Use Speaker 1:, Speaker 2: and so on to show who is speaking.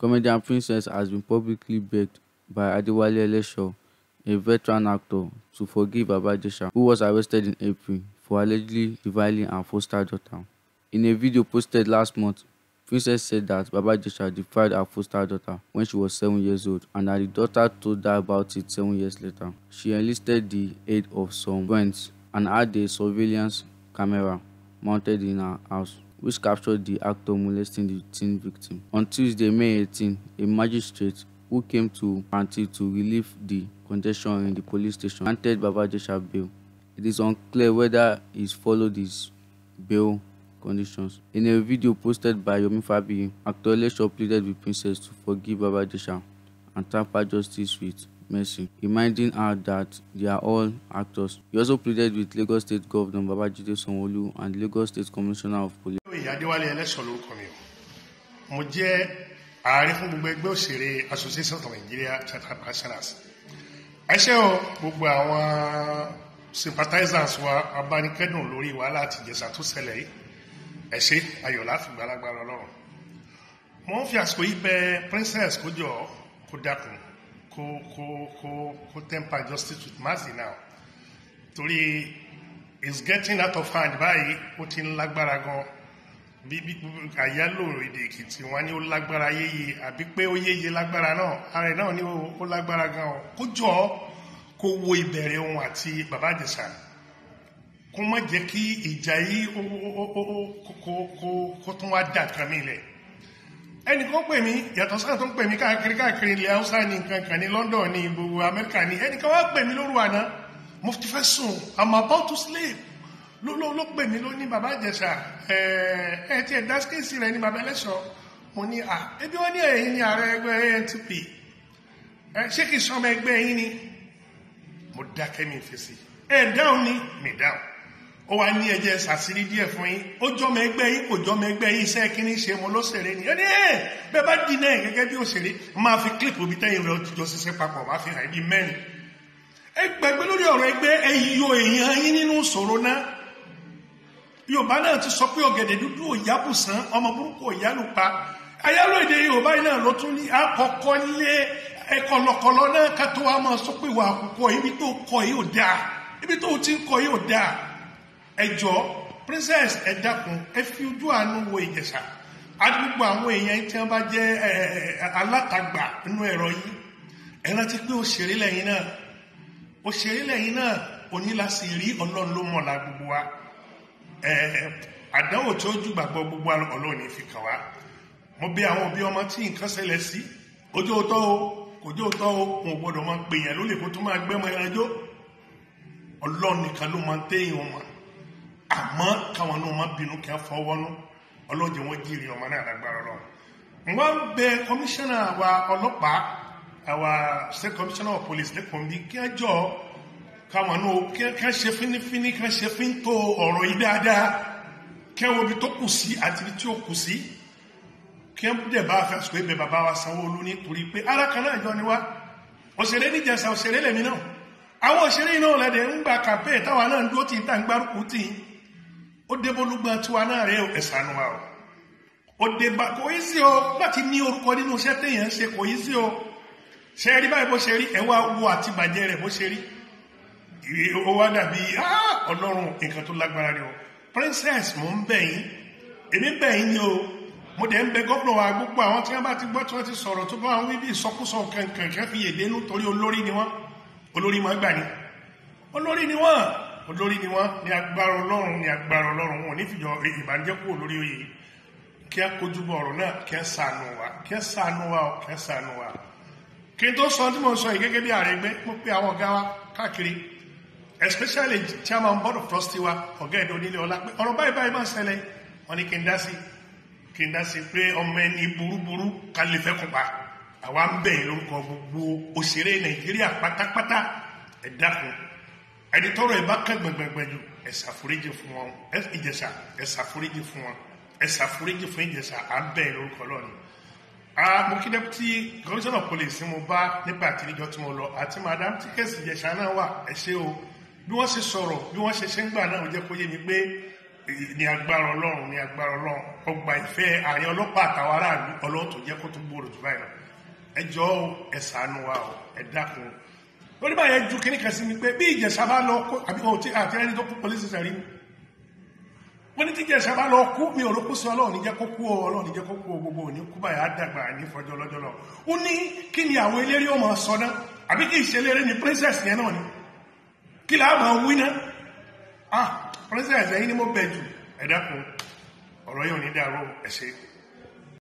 Speaker 1: Comedian Princess has been publicly begged by Adewale Elesho, a veteran actor, to forgive Baba who was arrested in April for allegedly reviling her foster daughter. In a video posted last month, Princess said that Baba Ijesha defied her foster daughter when she was seven years old and that the daughter told her about it seven years later. She enlisted the aid of some friends and had a surveillance camera mounted in her house which captured the actor molesting the teen victim. On Tuesday, May 18, a magistrate who came to Panti to relieve the congestion in the police station granted Babajesha bail. It is unclear whether he followed his bail conditions. In a video posted by Yomi Fabi, actor Lesho pleaded with Princess to forgive Babajesha and tap her justice with mercy, reminding her that they are all actors. He also pleaded with Lagos State Governor Babajide sanwo and Lagos State Commissioner of Police.
Speaker 2: Adéníyì Adéwálé Ẹlẹ́ṣọ̀ lórúkọ mi o mo jẹ́ ààrẹ fún gbogbo ẹgbẹ́ òṣèré Association of Nigeria Theatre Professionals ẹṣẹ́ o gbogbo àwọn sympathizers wa abánikẹ́dùn lórí wàhálà àtìjẹsà tó ṣẹlẹ̀ yìí ẹṣẹ́ ayọ̀ láfìgbàlagbàra ọlọ́run mo ń fi àsìkò yìí bẹ̀ princess kó kó dákun kó kó kó kó temper justice with mercy now torí it's getting out of hand báyìí ó ti ń lágbára gan-an bíbí àyálò èdè èkìtì wọn ni ó lágbára yéye àbí pé ó yéye lágbára náà ààrẹ náà ni ó lágbára gan ọ kó jọ kó wo ìbẹ̀rẹ̀ òun àti bàbá àjẹsà kó má jẹ́ kí ìjà yìí kó tún wá dà kan nílẹ̀ ẹnì kan pè mí yàtọ̀ sáà tó ń pè mí káàkiri káàkiri ilẹ̀ haúsá ní nǹkan kan London ní gbogbo Amẹ́ríkà ní ẹnì kan wá pè mí lóru àná mo ti fẹ́ sùn I'm about to sleep ló ló pè mí ló ní bàbá ìjẹsà ẹ ti ẹ dáskèsì rẹ ní bàbá ẹlẹsọ mo ní à ebi wọn ní ẹ̀yin ní ààrẹ ẹgbẹ́ ANTP ẹ ṣé kìí sọmọ ẹgbẹ́ yín ni mo dákẹ́ mi fèsì ẹ dáhùn ni mi dáhùn ó wá ní ẹjẹ sàṣírí díẹ̀ fún yín ó jọmọ ẹgbẹ́ yín kò jọmọ ẹgbẹ́ yín iṣẹ́ kíní ṣe mo lọ́sẹ̀rẹ̀ ni ẹni ẹ bẹ́ẹ̀ bá dín náà gẹ́gẹ́ bí òṣèré máa fi clip bíi tẹ̀yìn rẹ ọtí jọ ṣiṣẹ́ papọ̀ máa fi hàn ẹbí mẹ́rin ẹ gbàgbé lórí ọ̀rọ̀ ẹgbẹ́ ẹ yọ èèyàn yín nínú ìṣòro náà yorùbá náà ti sọ pé ọ̀gẹ̀dẹ̀ dúdú òyàbùsàn ọmọ burúkú òyàlùpa ayálò èdè yorùbá yìí náà ló tún ní akọkọ lé ẹkọlọkọlọ náà ká tó wá máa sọ pé ìwà àkùkọ ibi tó kọ yìí ò ibi tó ti ń kọ yìí ò ẹjọ princess ẹ dákun ẹ fi ojú àánú wo ìjẹ̀ṣà àdúgbò àwọn èèyàn tí wọn bá jẹ alátagbà nínú ẹ̀rọ yìí ẹ rántí pé òṣèré lẹ́yìn náà òṣèré lẹ́yìn náà onílàsírí Ọlọ́run ló mọ̀lá gbogbo wa àdánwò tó jù gbàgbọ́ gbogbo ọlọ́run ní fi kàn wá mo bí àwọn òbí ọmọ tí nǹkan ṣẹlẹ̀ sí ojú òótọ́ o kò jó òótọ́ o kò gbọ́dọ̀ máa pè yàn lólè kó tó máa gbẹ́mọ ẹranjó ọlọ́run nìkan ló máa ń téèyàn wọn àmọ́ káwọn náà máa bínú kí ọlọ́jọ́ wọn ọmọ náà lágbára lọ. wọ́n káwọn náà kán ṣe fínífíní kán ṣe fíntó ọ̀rọ̀ yìí dáadáa kẹwọn ibi tó kù sí àti ibi tí ó kù sí kẹwọn dẹ̀ bá fẹsùn pé bàbá wa Sanwó-Olú nítorí pé ara kan náà jọ ni wá òṣèré níjẹsà òṣèré lèmi náà àwọn òṣèré náà lẹ́dẹ̀ ń gba kàpẹ́ táwa náà ń dúró tí ń tà ń gbárùkù tì í ó dé bólúgbọ́n tiwa náà rẹ̀ ẹ̀sánú wa o ó dé bá kò í sí o láti ní orúkọ nínú iṣẹ́ téèyàn ń ṣe kò í sí o ṣe rí báyìí bó ṣe rí ẹ̀wá wo àti bàjẹ́ rẹ̀ bó ṣe rí ó wá dàbí ah, ọlọ́run nǹkan tó lágbára ni o princess mo ń bẹ̀ yín èmi bẹ̀ yín ni o mo dẹ̀ ń bẹ gómìnà wa gbogbo àwọn tí wọ́n bá ti gbọ́ tí wọ́n ti sọ̀rọ̀ tó bá wọn wí bí ìsọkúsọ kankan kan fi èdè nù torí olórí ni wọ́n olórí máa gbà ní olórí ni wọ́n olórí ni wọ́n ní agbára ọlọ́run ní agbára ọlọ́run wọn ò ní fìjọ ìbànújẹ́ kú olórí oyè kí á kojú bọ ọ̀rọ̀ náà kí á sànù wa kí á sànù wa kí á sànù wa kí n tó sọ tí mo sọ yìí gẹ́gẹ́ bí ààrẹ gbé mo pe àwọn ọ̀gá wa káàkiri especially chairman board of trustees wa ọ̀gá ẹ̀dọ̀ onílé ọlá pé ọ̀rọ̀ báyìí báyìí máa ń ṣẹlẹ̀ wọ́n ní kí n dá sí kí n dá sí pé ọmọ ẹni burúburú ká lè fẹ́ kópa àwa ń bẹ̀ lórúkọ gbogbo òṣèré nàìjíríà pátápátá ẹ dákun ẹni tọrọ ẹ bá kẹ́ gbẹ̀gbẹ̀gbẹ̀ jù ẹ ṣàforíjì fún wọn ẹ ìjẹ̀ṣà ẹ ṣàforíjì fún wọn ẹ ṣàforíjì fún ìjẹ̀ṣà à ń bẹ̀ lórúkọ lọ́ọ̀ni mo kí deputy commissioner police mo bá nípa àtìlẹ́jọ́ tí mo lọ àti madam tíkẹ́sì ìjẹ̀ṣà náà wà ẹ ṣé o bí wọ́n ṣe sọ̀rọ̀ bí wọ́n ṣe ṣe ń gbà náà jẹ́ kó yé mi pé ní agbára ọlọ́run ní agbára ọlọ́run ọgbà ìfẹ́ ààrẹ ọlọ́pàá àtàwọn aráàlú ọlọ́run tó jẹ́ kó tó gbòòrò jù báyìí lọ ẹ jọ ọ ẹ ṣàánú wa ọ ẹ dákun ó ní báyẹn ju kíní kan sí mi pé bí ìjẹ̀ṣà bá lọ kó àbí kò tí àti ẹni tó kú pọlísì sẹ̀rí wọ́n ní tí ìjẹ̀ṣà bá lọ kú mi ò ló kú sí ọlọ́run níjẹ́ kó kú ọ ọlọ́run níjẹ́ kó kú ọ gbogbo òní kú báyà á ní fọjọ́ lọ́jọ́ lọ ni àwọn eléré ọmọ sọ náà àbí kí ìṣẹ̀lẹ̀ rẹ ni princess yẹn náà kí láà máa wí náà ah president ẹ̀yìn ni mo bẹ̀ jù ẹ̀dá kan ọ̀rọ̀ yóò ní dàrú ẹ̀ṣẹ́